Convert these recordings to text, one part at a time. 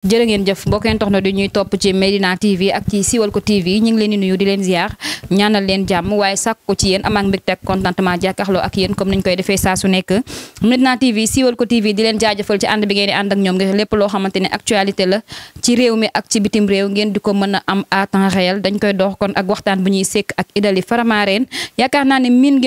jërë ngeen jëf mbokkeen tox na du ñuy topp ci Medina TV ak ci Siwal ko TV ñu ngi leen di nuyu di leen ziar ñaanal leen jàmm waaye sàkku ci yéen amaak mbégte ak contentement jàkkaarloo ak yéen comme niñ koy defee saa su nekk Medina TV Siwal ko TV di leen jaajëfal ci ànd bi ngeen ak ñoom ngir loo xamante actualité la ci réew mi ak ci bitim réew ngeen di ko mën am à temps dañ koy dox kon ak waxtaan bu ñuy sekk ak idali faramaareen yaakaar naa ne miin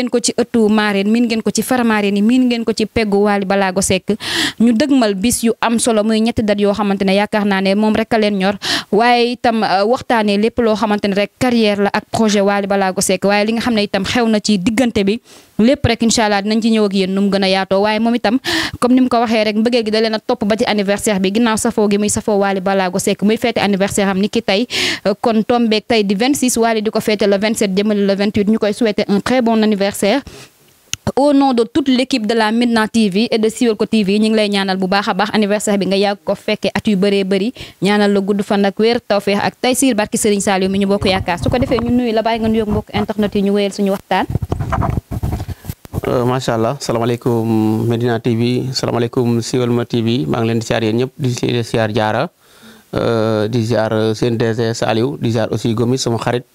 yaakaar naa ne moom rek a leen ñor waaye itam euh, waxtaanee lépp loo xamante ne carrière la ak projet Wally Ballago Seck waaye li nga xam ne itam xew na ci diggante bi lépp rek incha allah dinañ ci ñëw ak yéen gën a yaatoo waaye moom itam comme ni mu ko waxee rek mbëggeel gi da topp ba ci anniversaire bi ginnaaw safoo gi muy safoo Wally Ballago Seck muy feete anniversaire am ni ki tey euh, kon tombeeg tey di 26 Wally di ko feete le au non de toute l'équipe de la Médina TV et de Siweul ko TV ñu ngi lay ñaanal bu baax a baax anniversaire bi nga yàgg ko fekkee at yu bëree bëri ñaanal la gudd fan ak wér tawféex ak tay siir barki Serigne Saliou mi ñu bokk yaakaar su ko defee ñu nuyu la bàyyi nga nuyoog mbokk internet yi ñu wéyal suñu waxtaan. Euh, macha allah salaamaaleykum Médina TV salaamaaleykum Siweul ma TV maa ngi leen di siyaar yéen ñëpp di siyaar jaara euh, di siyaar seen DG Saliou di siyaar aussi sama xarit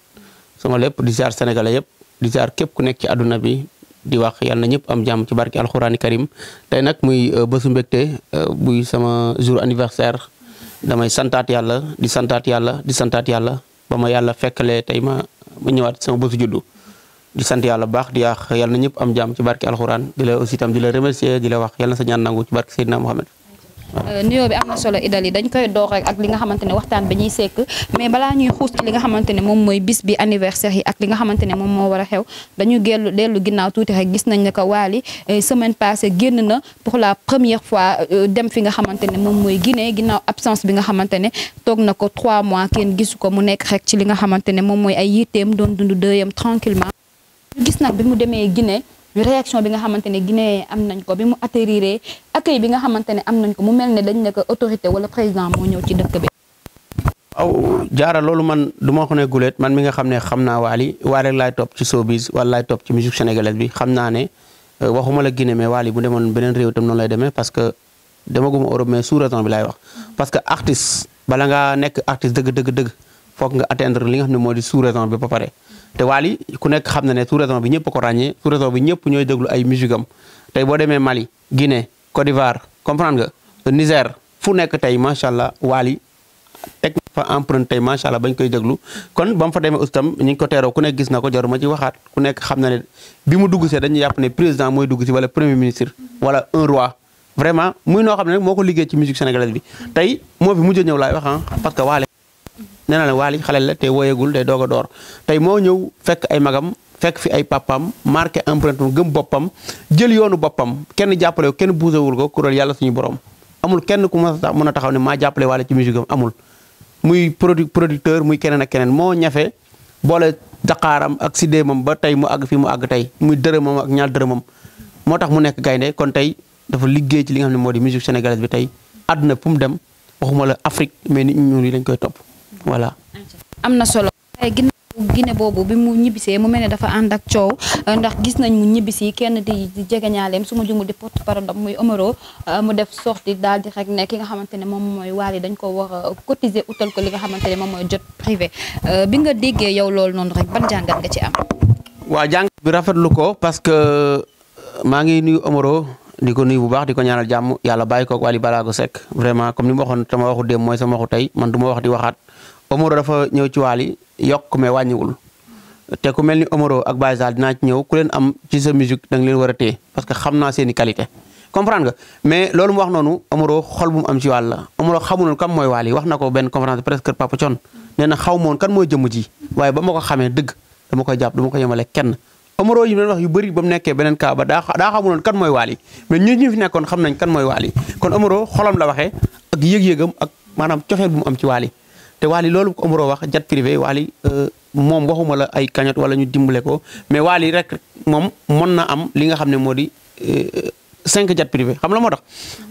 sama lépp di siyaar sénégalais yëpp di siyaar képp ku nekk ci àdduna bi. di wax yal na ñëpp am jàmm ci barke alxuraani karim tey nag muy euh, bésu mbégte euh, buy sama jour anniversaire damay santaat yàlla di santaat yàlla di santaat yàlla ba ma yàlla fekkalee tey ma ma ñëwaat sama bésu juddu di sant yàlla bu baax di wax yal na ñëpp am jàmm ci barke alxuraan di la aussi itam di la remercier di la wax yal na sa ñaan nangu ci barke Seydina Mohamed. Euh, nuyoo bi am na solo idal idali dañ koy door ak li nga xamante ne waxtaan bi ñuy sekk mais balaa ñuy xuus ci li nga xamante ne moom mooy bis bi anniversaire yi ak li nga xamante ne moom moo war a xew dañu gellu dellu ginnaaw tuuti rek gis nañ ne ko Wally euh, semaine passée génn na pour la première fois euh, dem fi nga xamante ne moom mooy Guinée ginnaaw absence bi nga xamante ne toog na ko trois mois kenn gisu ko mu nekk rek ci li nga xamante ne moom mooy ay yitteem doon dund dëyam tranquillement gis nag bi mu demee Guinée réaction bi nga xamante ne Guinée am nañ ko bi mu atterrir accueil bi nga xamante ne am nañ ko mu mel ne dañ ne ko autorité wala président moo ñëw ci dëkk bi. aw jaara loolu man du ma ko ne guleet man mi nga xam ne xam naa Wally Wally rek laay topp ci showbiz wala laay topp ci musique sénégalaise bi xam naa ne euh, waxuma la Guinée mais Wally bu demoon beneen réew itam noonu lay demee parce que demaguma Europe mais sous-région bi laay wax. parce que artiste bala nga nekk artiste dëgg dëgg dëgg foog nga atteindre li nga xam ne moo di sous-région bi ba pare. te Wally ku nekk xam na ne sous-région bi ñëpp ko ràññee sous-région bi ñooy déglu ay musique am tey boo demee Mali Guinée Côte d'Ivoire comprendre nga Niger fu nekk tey macha allah Wally teg fa empreinte tey macha allah bañ koy déglu kon ba mu fa demee aussi tam ñu ko teeroo ku nekk gis na ko jaruma ci waxaat ku nekk xam na ne bi mu dugg see dañuy yàpp ne président mooy dugg si wala premier ministre wala un roi vraiment muy noo xam ne moo ko liggéey ci musique sénégalaise bi tey moo fi mujj nee na waali Waly la te woyagul day doog a door tey moo ñëw fekk ay magam fekk fi ay pàppam papam marqué empreinte gëm boppam jël yoonu boppam kenn jàppale ko kenn buusewul ko kuréel yàlla su suñu borom amul kenn ku mën a taxaw ne maa jàppale Waly ci musique am amul muy produ producteur muy keneen a keneen moo ñafe boole daqaaram ak sidéemam ba tey mu àgg fi mu àgg tey muy dërëmam ak ñaar dërëmam moo tax mu nekk gaynde kon tey dafa liggéey ci li nga ne moo di musique sénégalaise bi tey àdduna fu mu dem waxuma la Afrique mais nit ñuul yi lañ koy topp voilà. am na solo ginnaaw Guinée boobu bi mu ñibbisee mu mel ne dafa ànd ak coow ndax gis nañ mu ñibbisi kenn di jegeñaaleem su ma jumul di porte parole muy Omaro euh, mu def sorti daal di rek ne ki nga xamante ne moom mooy Wally dañ ko war a cotiser utal ko li nga xamante ne moom mooy jot privé euh, bi nga déggee yow loolu noonu rek ban jàngat nga ci am. waa jàngat bi rafetlu ko parce que euh, maa ngi nuyu Omaro di ko nuyu bu baax di ko ñaanal jàmm yàlla bàyyi ko ak Wally Balago Seck vraiment comme ni ma waxoon sama waxu démb mooy sama wax di waxaat. Omaro dafa ñëw ci Wally yokk mais wàññiwul te ku mel ni Omaro ak Baye Zal dinaa ci ñëw ku leen am ci sa musique da leen war a parce que xam naa seen i qualité comprendre mais loolu mu wax noonu Omaro xol bu mu am ci Wally la Omaro xamu noonu kam mooy Wally wax na ko benn conférence presque kër Papa Thion nee na xaw moon mooy jëmm ji waaye ba ma ko xamee dëgg dama koy jàpp dama ko yemale kenn Omaro yi mu wax yu bëri ba mu nekkee beneen cas ba daa daa xamu noonu kan mooy Wally mais ñun xam nañ kan mooy Wally kon Omaro xolam la waxee ak yëg-yëgam ak maanaam cofeel bu mu am ci Wally te Wally loolu Omaro wax jet privé Wally euh, moom waxuma la ay kañot wala ñu dimbale ko mais Wally rek moom mën na am li nga xam ne moo di euh, cinq jet privé xam la moo tax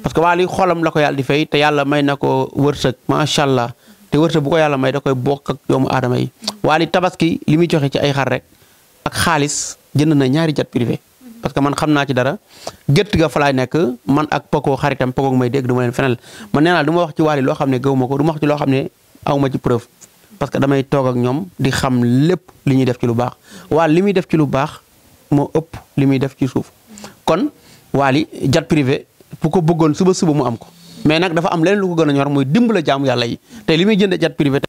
parce que Wally xolam la ko yàlla di fay te yàlla may na ko wërsëg macha allah te wërsëg bu ko yàlla may da koy bokk ak doomu aadama yi Wally tabaski li muy joxe ci ay xar rek ak xaalis jënd na ñaari jet privé parce que man xam naa ci dara gétt ga fa nekk man ak poko xaritam poko may dégg du leen fenal man nee naa du ma wax ci Wally loo xam ne gëw ma ko du ma loo xam ne aw ma ci preuve parce que damay toog ak ñoom di xam lépp lu ñuy def ci lu baax waal li muy def ci lu baax moo ëpp li muy def ci suuf kon waali jet privé bu ko bëggoon suba suba mu am ko mais nag dafa am leneen lu ko gën a ñor mooy dimbala jaamu yàlla te li muy jënde jet privé te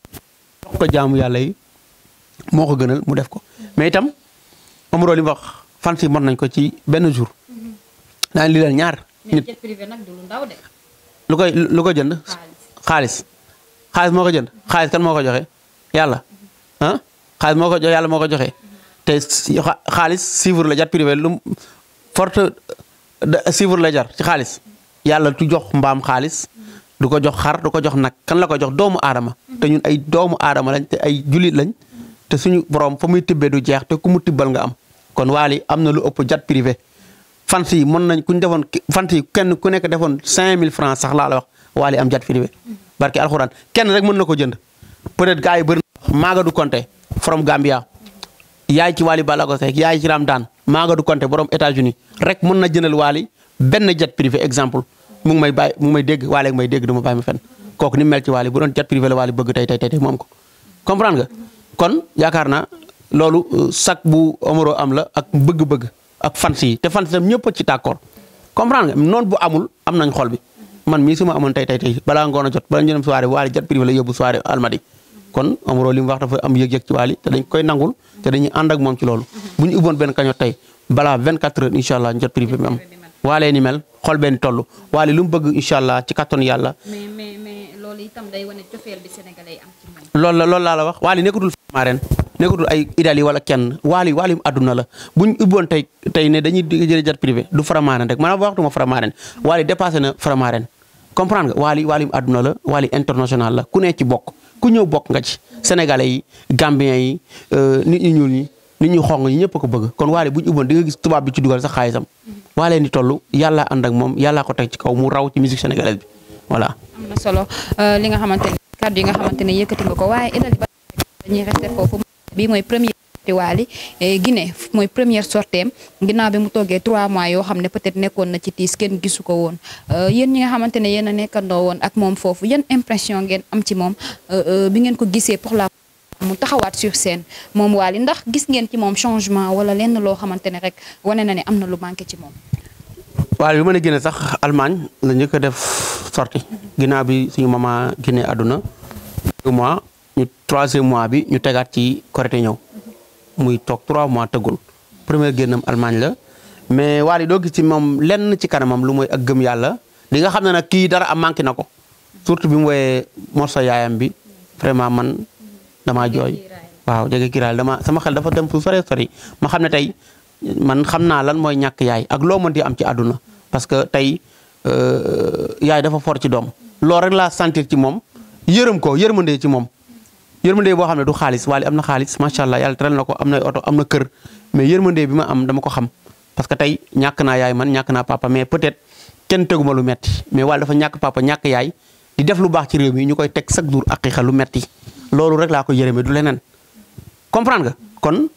ko jaamu yàlla moo ko gënal mu def ko mais itam Omaro li mu fan si mën nañ ko ci benn jour daan li leen ñaar. nit lu koy lu ko jënd xaalis. xaalis moo ko jënd xaalis kan moo ko joxe yàlla ah xaalis moo ko joxe yàlla moo ko joxe te xaalis chiffre la jar privé lu forte chiffre la jar ci xaalis yàlla du jox mbaam xaalis du ko jox xar du ko jox nag kan la ko jox doomu aadama te ñun ay doomu aadama lañ te ay julit lañ te suñu borom fa muy tibbee du jeex te ku mu tibbal nga am kon waali am na lu ëpp jet privé fant yi mën nañ kuñ defoon fant yi kenn ku nekk defoon mille francs sax laa la wax waali am jet privé barke alxuraan kenn rek mën na ko jënd peut-être gars yi bëri na Magadou Konté from Gambia yaay ci Wally Ballago Seck yaay ci Ramdan Magadou Konté borom États-Unis rek mën na jëndal Wally benn jet privé exemple mu ngi may bàyyi mu may dégg Wally may dégg du ma bàyyi ma fenn kooku ni mel ci Wally doon jet privé la Wally bëgg tey tey tey ko comprendre nga kon yaakaar na loolu euh, sac bu Omaro am la ak bëgg-bëgg ak fans yi te fans yi ñëpp ci d'accord comprendre nga noonu bu amul am nañ xol bi man mii su ma amoon tey tey tey balaa ngoon a jot bala ñu dem waali jat privé la yóbbu soirée almadi kon amuroo li mu wax dafa am yëg-yëg ci waali te dañ koy nangul te dañuy ànd moom ci loolu bu ñu ubboon benn kañot tey balaa 24 heures incha allah jot privé mi am waalee ni mel xol benn toll waale lu mu bëgg incha allah ci kattan yàlla loolu itam la loolu laa la wax waali nekkatul fama ren nekkatul ay Italie wala kenn waali waali àdduna la buñ ubboon tey tey ne dañuy jëlee jet privé du Faramaren rek maanaam waxtuma Faramaren waali dépassé na comprendre nga waali waali àdduna la waali international la ku ne ci bokk ku ñëw bokk nga ci sénégalais yi gambien yi euh, nit ñu ñuul ñi nit ñu xong ñi ñëpp ko bëgg kon waale bu ñu ubboon di nga gis tubaab bi ci dugal sax xaalisam waalee ni toll yàlla ànd ak moom yàllaa ko teg ci kaw mu raw ci musique sénégalaise bi voilà. am na solo euh, li nga xamante ne kàddu yi nga xamante ne yëkkati nga ko waaye dañuy rester foofu bii mooy premier. di Waly eh, Guinée mooy première sorteem ginnaaw bi mu toogee trois mois yoo xam ne peut-être nekkoon na ci tiis kenn gisu ko woon eh, yéen ñi nga xamante ne yéen a nekkandoo woon ak moom foofu yan impression ngeen am ci moom eh, bi ngeen ko gisee pour la mu taxawaat sur scène moom Waly ndax gis ngeen ci moom changement wala lenn loo xamante ne rek wane na ne am na lu manqué ci moom. waaw bi ma ne Guinée sax Allemagne la ñu ko def sorti ginaaw bi suñu maman Guinée àdduna mois ñu troisième mois bi ñu tegaat ci Korité ñëw. muy toog 3 mois tëggul premier génnam Allemagne la mais Wally doo gis ci moom lenn ci kanamam lu mooy ak gëm yàlla li nga xam ne nag kii dara am manqué na ko surtout bi mu woyee morso yaayam bi vraiment man damaa jooy waaw jege kiraay dama sama xel dafa dem fu sore sori ma xam ne tey man xam naa lan mooy ñàkk yaay ak loo mën di am ci àdduna parce que tey euh, yaay dafa for ci doom loolu rek laa sentir ci moom yërëm ko yërmande ci moom yërmande boo xam ne du xaalis Wally am na xaalis macha allah yàlla teral na ko am na oto am na kër mais yërmande bi ma am dama ko xam parce que tey ñàkk naa yaay man ñàkk naa papa mais peut-être kenn teguma lu metti mais Wally dafa ñàkk papa ñàkk yaay di def lu baax ci réew mi ñu koy teg chaque jour aqiqa lu metti loolu rek laa ko yërëmee du leneen comprendre nga kon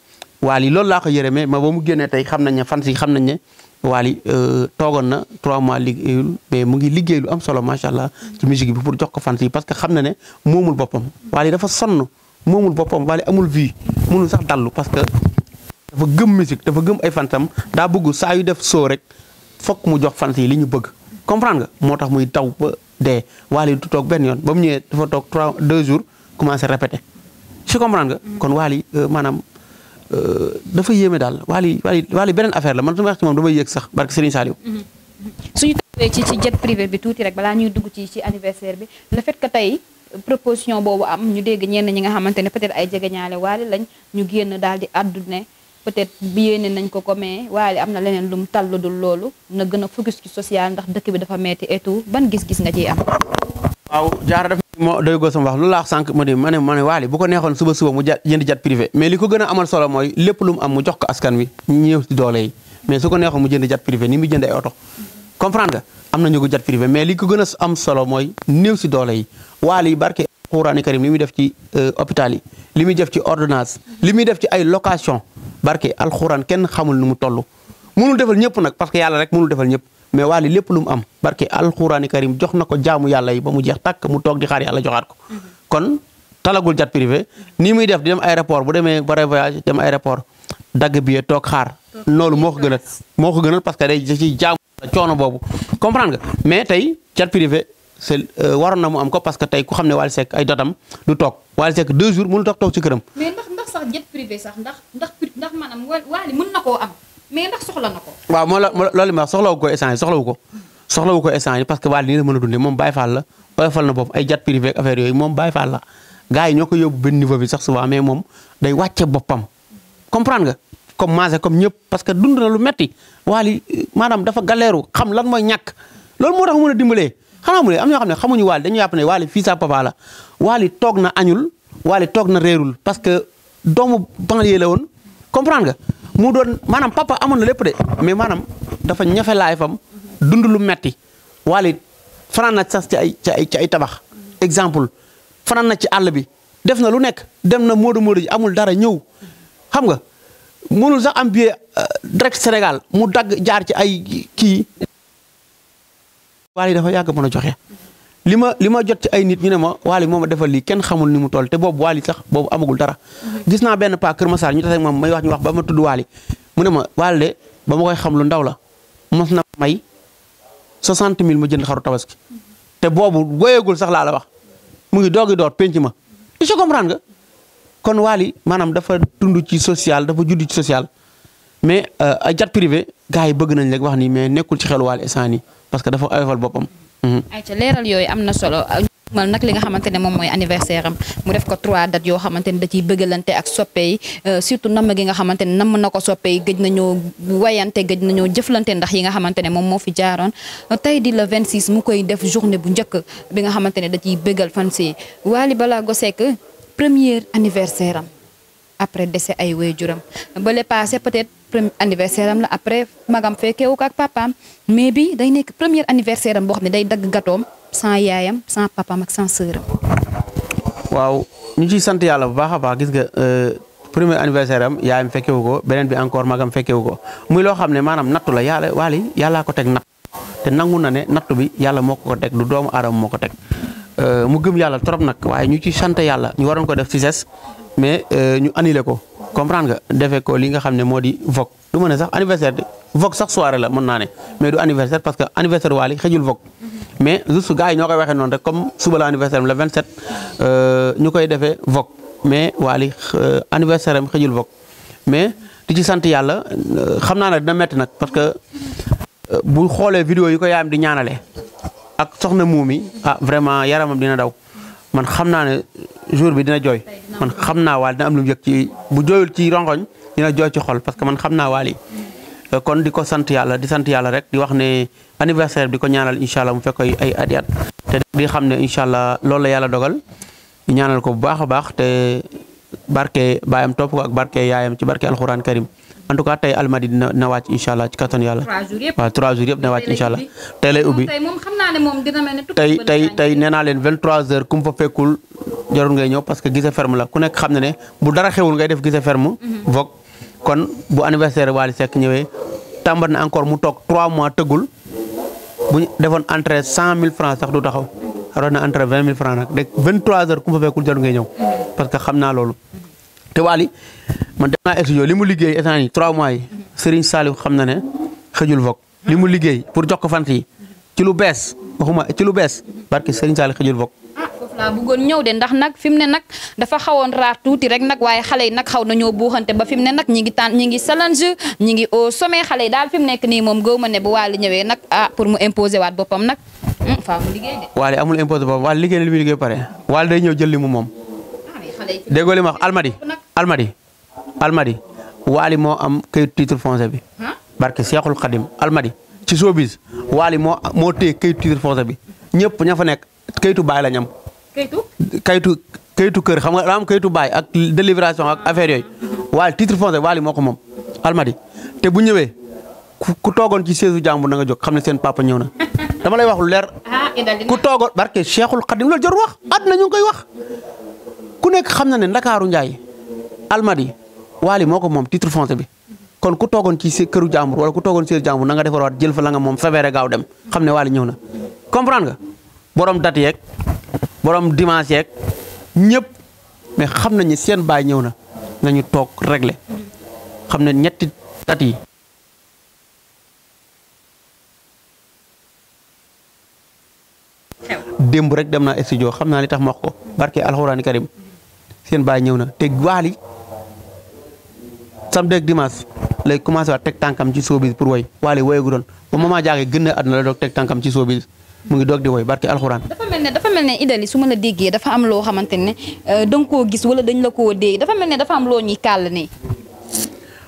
Wally loolu laa ko yërëmee ma ba mu génnee tey xam nañ ne fan si xam nañ ne Wally euh, toogoon na trois mois liggéeyul mais mu ngi liggéey lu am solo macha allah ci musique bi pour jox ko fans yi parce que xam na ne moomul boppam Wally dafa sonn moomul boppam Wally amul vie mënul sax dallu parce que dafa gëm musique dafa gëm ay fansam daa bëgg saa yu def soo rek fokk mu jox fans yi li ñu bëgg comprendre nga moo tax muy taw ba dee Wally du toog benn yoon ba mu ñëwee dafa toog trois deux jours commencé répéter si comprendre nga kon Wally euh, Euh, dafa yéeme daal Wally Wally Wally beneen affaire la man su ma sax barke Serigne Saliou. Mm-hmm. suñu tawee ci ci jet privé bi tuuti rek balaa ñuy dugg ci ci anniversaire bi le fait que tey proposition boobu am ñu dégg ñenn ñi nga xamante ne peut-être ay jegeñaale Wally lañ ñu génn daal di àddu ne peut-être bi yéene nañ ko ko mais Wally am na leneen lu mu tàlladul loolu na gën a focus ci social ndax dëkk bi dafa metti et ban gis-gis nga ci am. waaw jaar moo doy goo sama wax loolu laa wax sànq ma ne ma ma ne waali bu ko neexoon suba suba mu ja jënd jet privé mais li ko gën a amal solo mooy lépp lu mu am mu jox ko askan wi ñëw si doole mais su ko neexoon mu jënd jet privé ni mu jënd ay oto comprendre nga am na ñu ko jet privé mais li ko gën a am solo mooy néew si doole yi waali barke Xuraani Karim li muy def ci euh, hôpital yi li muy def ci ordonnance li muy def ci ay location barke alxuraan kenn xamul nu mu toll mënul defal ñëpp nag parce que yàlla rek mënul defal ñëpp mais Wally lépp lu mu am barke alxuraani karim jox na ko jaamu yàlla yi ba mu jeex tàkk mu toog di xaar yàlla joxaat ko kon talagul jet privé ni muy def di dem aéroport bu demee bare voyage dem aéroport dagg billet toog xaar loolu moo ko gënal moo ko gënal parce que day ci jaamu coono boobu comprendre nga mais tey jet privé c'est euh, waroon na mu am ko parce que tey ku xam ne Wally Seck ay dotam du toog Wally Seck deux jours mënu toog toog ci këram. mais na koo am. mais ndax soxla na ko. waaw moo la loolu ma wax soxlawu ko essence soxlawu ko soxlawu ko essence parce que waa nii la mën a dundee moom Baye Fall la oyofal na bopp ay jat privé ak affaire yooyu moom Baye Fall la gars yi ñoo ko yóbbu benn niveau bi sax souvent mais moom day wàcce boppam comprendre nga comme manger comme ñëpp parce que dund na lu metti waa li maanaam dafa galeeru xam lan mooy ñàkk loolu moo tax mu mën a dimbalee xanaa mu ne am ñoo xam ne xamuñu waali dañu yàpp ne waali fii sa papa la waali toog na añul waali toog na réerul parce que doomu banlieue la woon comprendre nga mu doon maanaam papa amoon na lépp de mais maanaam dafa ñafe fam dund lu metti waale fanaan na sax ci ay ci ay ay tabax exemple fanaan na ci àll bi def na lu nekk dem na moodu moodu ji amul dara ñëw xam nga mënul sax am billet euh, direct Sénégal mu dagg jaar ci ay kii waale dafa yàgg mën a joxe li ma li ma jot ci ay nit ñu ne ma Wally moo ma defal lii kenn xamul ni mu toll te boobu Wally sax boobu amagul dara. Mm-hmm. gis naa benn paa Kër Masar ñu tase moom may wax ñu wax ba ma tudd Wally mu ne ma Wally ba ma koy xam lu ndaw la mos na may 60 000 ma jënd xaru tabaski mm-hmm. te boobu goyeegul sax laa la wax mu ngi doogi door penc ma je comprends nga kon Wally maanaam dafa dund ci social dafa judd ci social mais ay euh, jet privé gars yi bëgg nañ rek wax ni mais nekkul ci xelu Wally instant nii parce que dafa oyofal boppam. ay ca leeral yooyu am na solo mal nag li nga xamante ne moom mooy anniversaire am mu def ko trois dates yoo xamante ne da ciy bëggalante ak soppe yi euh, surtout namm gi nga xamante ne namm na ko soppe yi gëj nañoo wayante gëj ñoo jëflante ndax yi nga xamante ne moom moo fi jaaroon euh, tey di la vingt 26 mu koy def journée bu njëkk bi nga xamante ne da ciy bëggal fan si Wally Ballago Seck premier anniversaire am après décès ay waajuram bale passé peut-être premier anniversaire am la après magam fekkeewu ko ak papaam mais bi day nekk premier anniversaire am boo xam ne day dagg gatoom sans yaayam sans papaam ak sans sœuram waaw ñu ciy sant yàlla bu baax a baax gis nga euh, premier anniversaire am yaayam fekkewu ko beneen bi encore magam fekkewu ko muy loo xam ne maanaam nattu la yàlla waali yàllaa ko teg natt te nangu na ne nattu bi yàlla moo ko ko teg du doomu aadama moo ko teg Euh, mu gëm yàlla trop nag waaye ñu ci sant yàlla ñu waroon ko def CICES mais euh, ñu annulé ko comprendre nga defee ko li nga xam ne moo di Vogue du ma sax anniversaire de Vogue sax soirée la mën naa ne mais du anniversaire parce que anniversaire Wally xëjul Vogue mhm. mais juste gars yi ñoo koy waxee noonu rek comme suba la anniversaire am le 27 euh, ñu koy defee Vogue mais Wally anniversaire am xëjul Vogue mais di ci sant yàlla xam naa ne dina métti nag parce que bu xoolee vidéo yi ko yaayam di ñaanale ak soxna muumi ah vraiment yaramam dina daw man xam naa ne jour bi dina jooy man xam naa waal dina am lu mu ci bu jooyul ci rongoñ dina jooy ci xool parce que man xam naa waal euh, kon di ko sant yàlla di sant yàlla rek di wax ne anniversaire bi di ko ñaanal incha allah mu fekk ay adiat at te di xam ne incha allah loolu yàlla dogal ñaanal ko bu baax a baax te barke baayam topp ko ak barke yaayam ci barke alxuraan karim en tout cas tey almadi dina na wàcc incha allah ci kattanu yàlla. trois jours yëpp na wàcc incha allah. tey lay ubbi tey tey tey nee naa leen vingt trois heures ku fa fekkul jarul ngay ñëw parce que gise ferme la ku nekk xam na ne bu dara xewul ngay def gise ferme. Mhm. vogue kon bu anniversaire Wally Seck ñëwee tàmbat na encore mu toog trois mois tëggul bu ñu defoon entrée cent mille francs sax du taxaw. waroon na entre vingt mille francs nag rek vingt trois heures ku mu fa fekkul jarul ngay ñëw. Mhm. parce que xam naa loolu man dem naa studio li mu liggéey état yi trois mois yi Serigne xam na ne xëjul vok li mu liggéey pour jox ko fant yi ci lu bees waxuma ci lu bees parce que Serigne Saliou xëjul vok waaw ah, bëggoon ñëw de ndax nag fi mu ne nag dafa xawoon raar tuuti rek nag waaye xale yi nag xaw nañoo buuxante ba fi mu ne nag ñi ngi tànn ñi ngi challenge ñi ngi au sommet xale yi daal fi mu nekk nii moom gëw ma ne bu Wally ñëwee nag ah pour mu imposer waat boppam nag hmm, faa mu liggéey de. Wally amul imposer boppam Wally liggéey li muy liggéey moom. Ah, almadi waali moo am këyit titre foncier bi barke Seexul Xadim almadi ci soobis waali moo moo téye këyit titre foncier bi ñëpp ña fa nekk këyitu baay la ñam kër xam nga daa am ak délibération ak affaire yooyu waali titre foncier moo ko moom almadi te bu ñëwee ku toogoon ci seesu jàmbur na nga jóg xam ne seen papa ñëw na dama lay wax lu leer ah, ku toogoon barke Cheikhul Khadim loolu jarul wax at na koy wax ku nekk xam na ne Ndakaaru Njaay almadi Wally moo ko moom titre foncier bi kon ku toogoon ci sa këru jàmbur wala ku toogoon seen jàmbur na nga defaraat jël fa la nga moom febeere gaaw dem xam ne Wally ñëw na comprendre nga borom dat yeeg boroom dimanche yeeg ñëpp mais xam nañu seen baay ñëw na nañu toog régler xam ne ñetti date yi démb rek dem na studio xam naa li tax ma wax ko barke alxuraani karim seen baay ñëw na te Wally samedi ak dimanche lay commencé waat teg tànkam ci showbiz pour woy waale woyagu doon ba maman Diakhe gën na àdduna la doog teg tànkam ci showbiz mu ngi doog di woy barki alxuraan. dafa mel ne dafa mel ne Idali su ma la déggee dafa am loo xamante ne euh, da nga koo gis wala dañ la koo dee dafa mel ne dafa am loo ñuy kàll ne.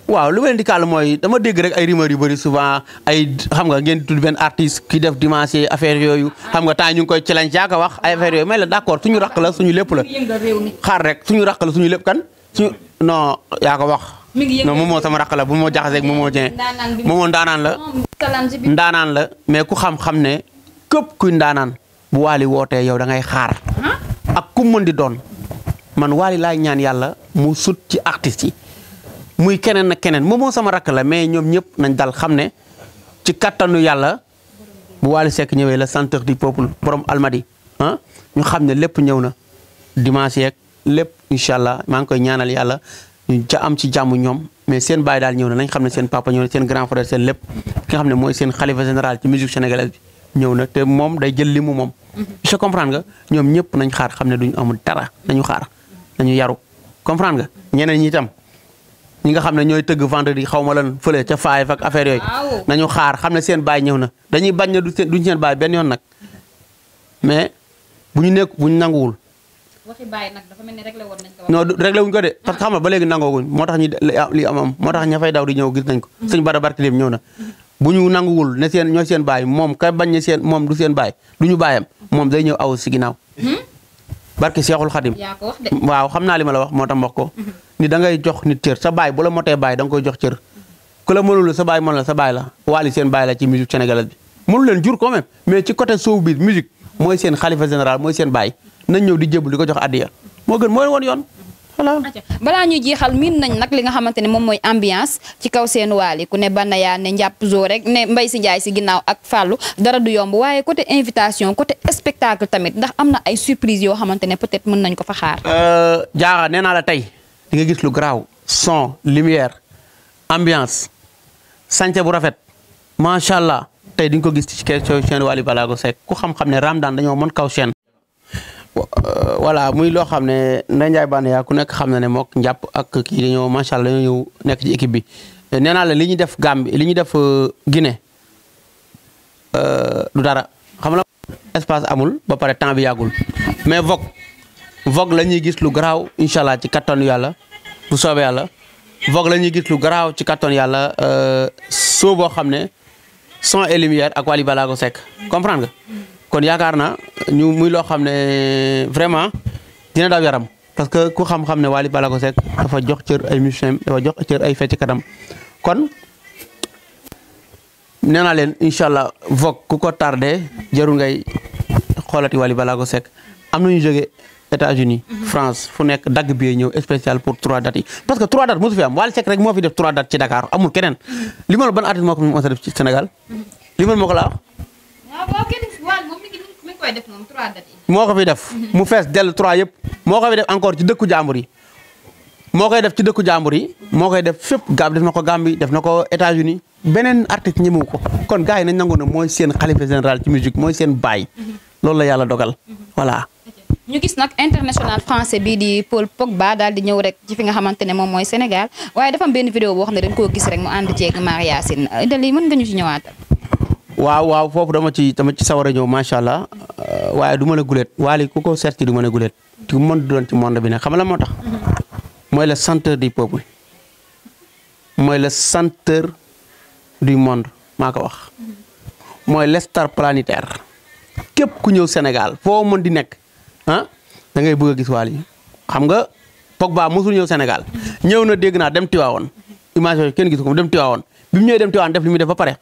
waaw lu ma leen di kàll mooy dama dégg rek ay rumeurs yu bëri souvent ay xam nga ngeen di tudd benn artiste ki def dimanche affaire yooyu xam nga temps ñu ngi koy ci lañ yaaka wax ay affaire yooyu may la d' accord suñu raq la suñu lépp la. xaar rek suñu raq la suñu lépp kan suñu non yaa wax. mi ngi yëngu non Momo sama rakk la bu ma jaaxasee ak Momo Dieng. Momo ndaanaan la ndaanaan la mais ku xam-xam ne képp kuy ndaanaan bu waali wootee yow da ngay xaar ak ku mën di doon man waali laay ñaan yàlla mu sut ci artistes yi muy keneen na keneen Momo sama rakk la mais ñoom ñëpp nañ dal xam ne ci kattanu yàlla bu waali sekk ñëwee la centre du peuple borom almadi ah ñu xam ne lépp ñëw na dimanche yeeg lépp incha allah maa ngi koy ñaanal yàlla ñu ja am ci jàmm ñoom mais seen baay daal ñëw na nañ xam ne seen papa ñëw na seen grand frère seen lépp ki nga xam ne mooy seen xalifa général ci musique sénégalaise bi ñëw na te moom day jël li mu moom. Mm-hmm. je comprendre nga ñoom ñëpp nañ xaar xam ne duñu amul dara nañu xaar nañu yaru comprendre nga ñeneen ñi tam ñi nga xam ne ñooy tëgg vendredi xaw ma lan fële ca faay ak affaire yooyu. nañu xaar xam ne seen baay ñëw na dañuy bañ ne duñ seen baay benn yoon nag mais bu ñu nekk bu ñu nanguwul. waxi bàyyi nag wuñ ko de parce que xam nga ba léegi nangooguñ moo tax ñi li am ah, am moo tax ña fay daw di ñëw gis nañ ko. Mhm. sëñ Bada Barkileem ñëw na. bu ñu nanguwul ne seen ñooy seen baay moom ka bañ ne seen moom du seen baay du ñu baayam moom day ñëw aw si ginaaw mhm. barke Seexul Xadim. yaa waaw xam naa li ma la wax moo tax wax ko. Mhm. ni da ngay jox nit cër sa baay bu la motee baay danga koy jox cër. ku la mënul sa baay mën la sa baay la waali seen baay la ci musique sénégalaise bi mënu leen jur quand mais ci côté showbiz musique mooy seen xalifa général mooy seen baay nañ ñëw di jébul di ko jox addiya moo gën mooy woon yoon voilà. ñu jeexal miin nañ nag li nga xamante ne moom mooy ambiance ci kaw seen waali ku ne Banaya ne njàpp zoo rek ne mbay si Ndiaye si ginnaaw ak Fallou dara du yomb waaye côté invitation côté spectacle tamit ndax am na ay surprise yoo xamante ne peut-être mun nañ ko fa xaar. jaaxa euh, nee la tey di nga gis lu garaaw son lumière ambiance sànce bu rafet macha allah tey di nga ko gis ci kaw seen waali balaa ko ne Ramadan dañoo mën kaw seen. voilà muy loo xam ne Ndeye Ndiaye Banaya ku nekk xam na ne mook njàpp ak kii dañoo macha allah dañoo ñëw nekk ci équipe bi nee naa la li ñu def Gambie li ñu def euh, Guinée euh, du dara xam la espace amul ba pare temps bi mais Vogue Vogue la ñuy gis lu garaaw incha allah ci kattanu yàlla bu soobee yàlla Vogue la ñuy gis lu garaaw ci kattanu yàlla euh, soo boo xam ne son et lumière ak Wally Ballago Seck comprendre kon yaakaar na ñu muy loo xam ne vraiment dina daw yaram parce que ku xam-xam ne Wally Ballago Seck dafa jox cër ay musiciens dafa jox cër ay fecckatam kon nee naa leen incha allah vogue ku ko tardé jarul ngay xoolati Wally Ballago Seck am na ñu jógee États-Unis mhm. France fu nekk dagg bi ñëw spécial pour trois dates yi parce que trois dates mosu fi am Wally Seck rek moo fi def trois dates ci Dakar amul keneen mhm. li ma la ban artiste moo ko mos a def ci Sénégal mhm. li moo ko la wax koy def moom trois dates yi. moo ko fi def. mu fees dellu trois yëpp. moo ko fi def encore ci dëkku jàmbur yi. moo koy def ci dëkku jàmbur gaab def na ko Gambie def na ko États-Unis beneen artiste ñemewu ko kon gars yi nañ nangu ne mooy seen xalifa général ci musique mooy seen baay. loolu la yàlla dogal voilà. ñu gis nag international français bii di Paul Pogba daal di ñëw rek ci fi nga xamante ne moom mooy Sénégal waaye dafa am benn vidéo boo xam ne dañ koo gis rek mu ànd ceeg Maria Sine Idda lii mën waaw waaw foofu dama ci dama ci sawar a ñëw macha allah euh, waaye du ma la waali ku ko seet ci du ma la gulet ci mën doon ci monde bi nag xam la moo tax mooy le centre du peuple mooy le centre du monde maa ko wax mooy le star képp ku ñëw Sénégal foo mën di nekk ah da ngay bëgg a gis waali xam nga Pogba mosul ñëw Sénégal ñëw na dégg naa dem Tiwaawoon image yooyu kenn gisu ko dem Tiwaawoon bi mu ñëwee dem Tiwaawoon def li muy def ba pare.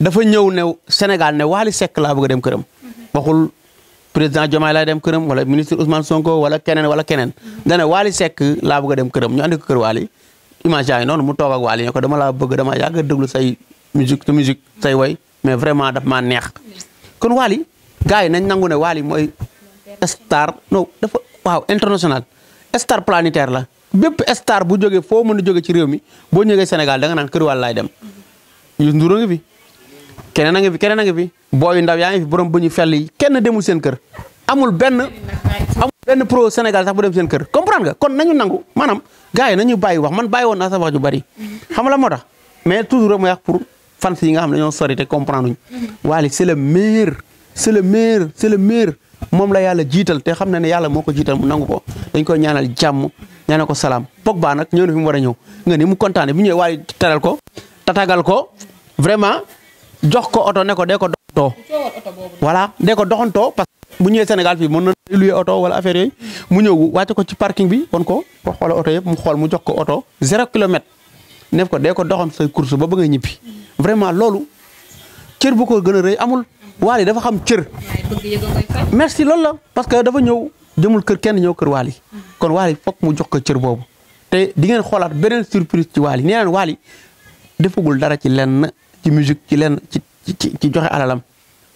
dafa ñëw ne Sénégal ne Wally sekk laa bugga dem këram waxul président Diomaye laay dem këram wala ministre usman Sonko wala keneen wala keneen dane Wally Seck laa bëgg a dem këram ñu andi ko kër Wally image yaa ngi noonu mu toog ak Wally ne ko dama bëgg dama yàgg a déglu say musique sa musique say way mais vraiment daf neex kon Wally gars yi nañ nangu ne Wally mooy star non dafa waaw international star planétaire la bépp star bu jógee foo mën a jóge ci réew mi boo ñëwee Sénégal da nga naan kër Wally laay dem ñu ngi fi keneen a ngi fi keneen a ngi fi booyu ndaw yaa ngi fi borom bu ñu fell yi kenn demul seen kër amul benn benn pro Sénégal sax bu dem seen kër comprendre nga kon nañu nangu maanaam gars yi nañu bàyyi wax man bàyyi woon naa sax wax ju bari xam la moo tax mais toujours rek mooy pour fans yi nga xam ne ñoo sori te comprendre ñu le meilleur c'est le meilleur le meilleur moom la yàlla jiital te xam na ne yàlla moo ko jiital mu nangu ko dañ koy ñaanal jàmm ñaanal ko salaam Pogba nag ñëw na fi mu war a ñëw nga ni mu kontaane bu ñëwee Wally teral ko tatagal ko vraiment jox ko oto ne ko dee ko doxantoo. voilà dee ko bu ñëwee Sénégal fii mën na luye oto wala affaire yooyu mu ñëw wàcce ko ci parking bi won ko ko xoola oto yëpp mu xool mu jox ko oto zéro kilomètre neef ko dee ko doxant say course ba bëgg a ñibbi vraiment loolu cër bu ko gën a rëy amul waali dafa xam cër. merci loolu la parce que dafa ñëw jëmul kër kenn ñëw kër waali kon waali foog mu jox ko cër boobu te di ngeen xoolaat beneen surprise ci waali nee naan waali defagul ci musique ci lenn ci ci joxe alalam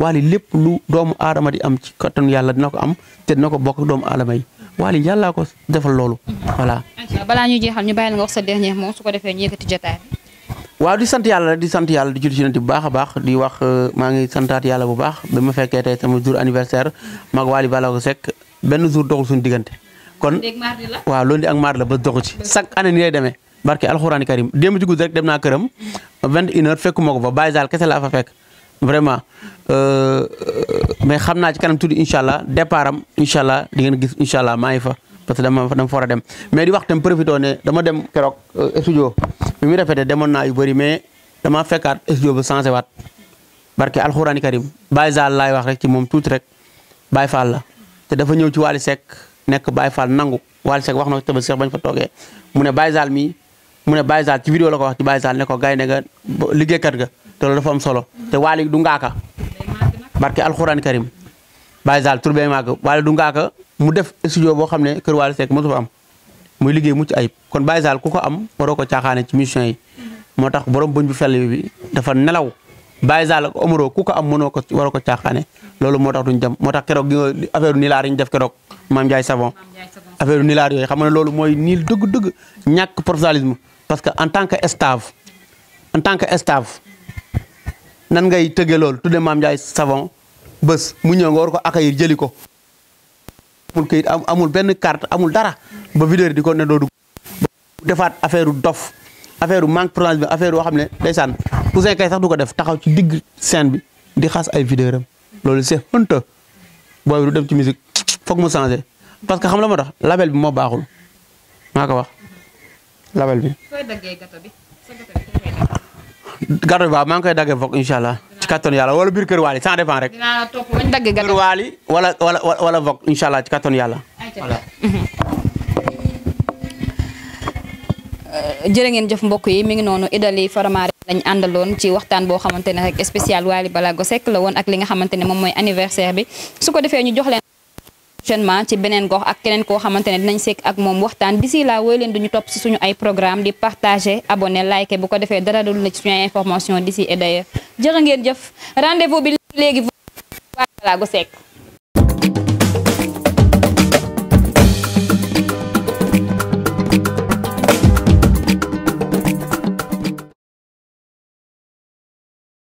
waali lépp lu doomu aadama di am ci kattanu yàlla dina ko am te dina ko bokk doomu aadama yi waali yàllaa ko defal loolu voilà. balaa ñuy jeexal ñu bàyyi la nga wax sa dernier mot su ko defee ñu yëkkati jotaay waaw di sant yàlla di sant yàlla di julli ci nit bu baax a baax di wax euh, maa ngi santaat yàlla bu baax bi ma fekkee tey sama jour anniversaire maag waali balaa ko sekk benn jour doxul suñu diggante kon waaw loolu di ak maar la ba doxu ci chaque année ni lay demee barke alxuraani karim démb ci guddi rek dem naa këram vingt une heure fekkuma ko fa Baye Zal kese laa fa fekk vraiment euh, euh, mais xam naa ci kanam tuddi incha allah départ am incha allah di ngeen gis incha allah maa ngi fa parce que dama dama fa war a dem mais di wax tam profité ne dama dem keroog euh, studio bi mu répété demoon naa yu bëri mais dama fekkaat studio ba changé waat barke alxuraani karim Baye Zal laay wax rek ci moom tuuti rek Baye Fall la te dafa ñëw ci Wally Seck nekk Baye Fall nangu Wally Seck wax na ko tamit bañ fa toogee mu ne Baye mu ne Baye Sall ci vidéo la ko wax ci Baye Sall ne ko gaynde ga liggéeykat ga te loolu dafa am solo te waali du ngaaka barke alxuraan karim Baye Sall tur waali du ngaaka mu def studio boo xam ne kër Waly Seck mosu fa am muy liggéey mucc ayib kon Baye Sall ku ko am waroo ko caaxaane ci mission yi moo tax borom buñ bu fell bi dafa nelaw Baye Sall ak Omaro ku ko am mënoo ko waroo ko caaxaane loolu moo tax duñ dem moo tax keroog gi affaire nilaar yi ñu def keroog Mame Ndiaye Savon affaire nilaar parce que en tant que stave en tant que stave nan ngay tëgge loolu tudde Mame Ndiaye Savon bés mu ñëw nga war ko accueillir jëli ko amul kayit amul benn carte amul dara ba vidéo di ko ne doo defaat affaire dof affaire manque prudence bi affaire yoo xam ne ndeysaan Ouzin Keita sax du ko def taxaw ci digg scène bi di xas ay vidéo am loolu c'est honte booy du dem ci musique foog mu changé parce que xam la moo tax label bi moo baaxul maa ko wax label bi. gâteau bi maa ngi koy daggee foog incha allah ci kattan yàlla wala biir kër waali sans dépend rek. dinaa la kër waali wala wala wala allah ci kattan yàlla. voilà. Euh, jërë ngeen jëf mbokk yi mi ngi noonu Idali Faramare lañ àndaloon ci waxtaan boo xamante ne rek spécial Wally Ballago Seck la woon ak li nga xamante ne moom mooy anniversaire bi su ko defee ñu jox leen. prochainement ci beneen gox ak keneen koo xamante ne dinañ sekk ak moom waxtaan si la wooy leen duñu topp si suñu ay programme di partager abonné like bu ko defee dara dul na ci suñu ay information si et d'ailleurs jërë ngeen jëf rendez-vous bi léegi voilà go sekk